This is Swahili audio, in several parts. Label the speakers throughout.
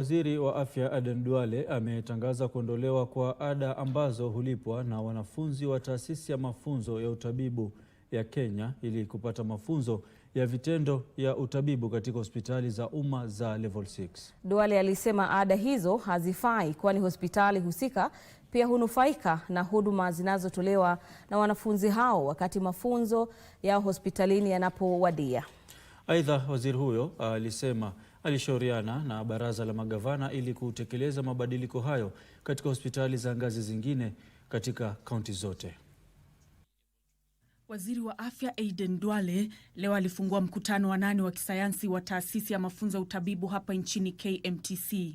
Speaker 1: Waziri wa Afya Aden Duale ametangaza kuondolewa kwa ada ambazo hulipwa na wanafunzi wa Taasisi ya Mafunzo ya Utabibu ya Kenya ili kupata mafunzo ya vitendo ya utabibu katika hospitali za umma za Level 6.
Speaker 2: Duale alisema ada hizo hazifai kwani hospitali husika pia hunufaika na huduma zinazotolewa na wanafunzi hao wakati mafunzo ya hospitalini yanapowadia.
Speaker 1: Aidha, waziri huyo ah, alisema alishauriana na baraza la magavana ili kutekeleza mabadiliko hayo katika hospitali za ngazi zingine katika kaunti zote.
Speaker 2: Waziri wa afya Aden Duale leo alifungua mkutano wa nane wa kisayansi wa taasisi ya mafunzo ya utabibu hapa nchini KMTC.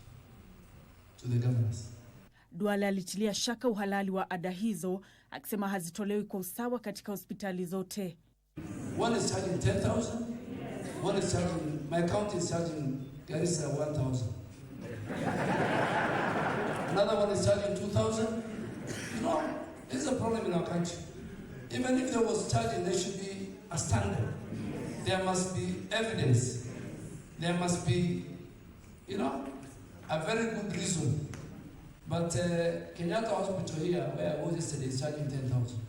Speaker 3: to the governors.
Speaker 2: Duale alitilia shaka uhalali wa ada hizo akisema hazitolewi kwa usawa katika hospitali zote.
Speaker 3: One is charging 10,000. One is charging, my county is charging Garissa 1,000. Another one is charging 2,000. You know, a problem in our country. Even if there was charging, there should be a standard. There must be evidence. There must be, you know, a very good reason. But uh, Kenyatta Hospital here, where I was yesterday, is charging 10,000.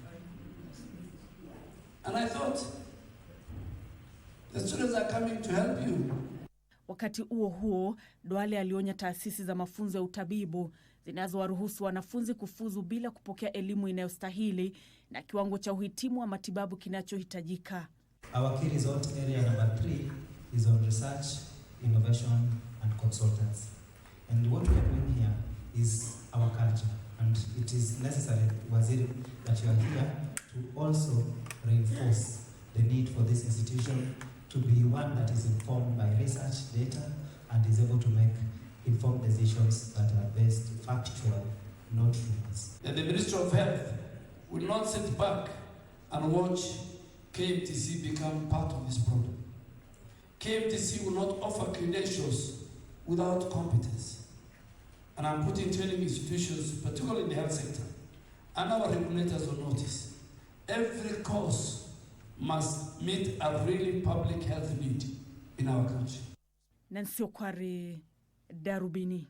Speaker 3: And I thought, the students are coming to help you.
Speaker 2: Wakati huo huo, Duale alionya taasisi za mafunzo ya utabibu zinazowaruhusu wanafunzi kufuzu bila kupokea elimu inayostahili na kiwango cha uhitimu wa matibabu kinachohitajika.
Speaker 4: Our key resort area number three is on research, innovation and consultants. And what we are doing here is our culture. And it is necessary, Waziri, that you are here to also reinforce the need for this institution to be one that is informed by research data and is able to make informed decisions that are based factual, not rumors.
Speaker 3: That the Ministry of Health will not sit back and watch KMTC become part of this problem. KMTC will not offer credentials without competence. and I'm putting training institutions, particularly in the health sector, and our regulators on notice. Every course must meet a really public health need in our country.
Speaker 2: Nancy Okware, Darubini.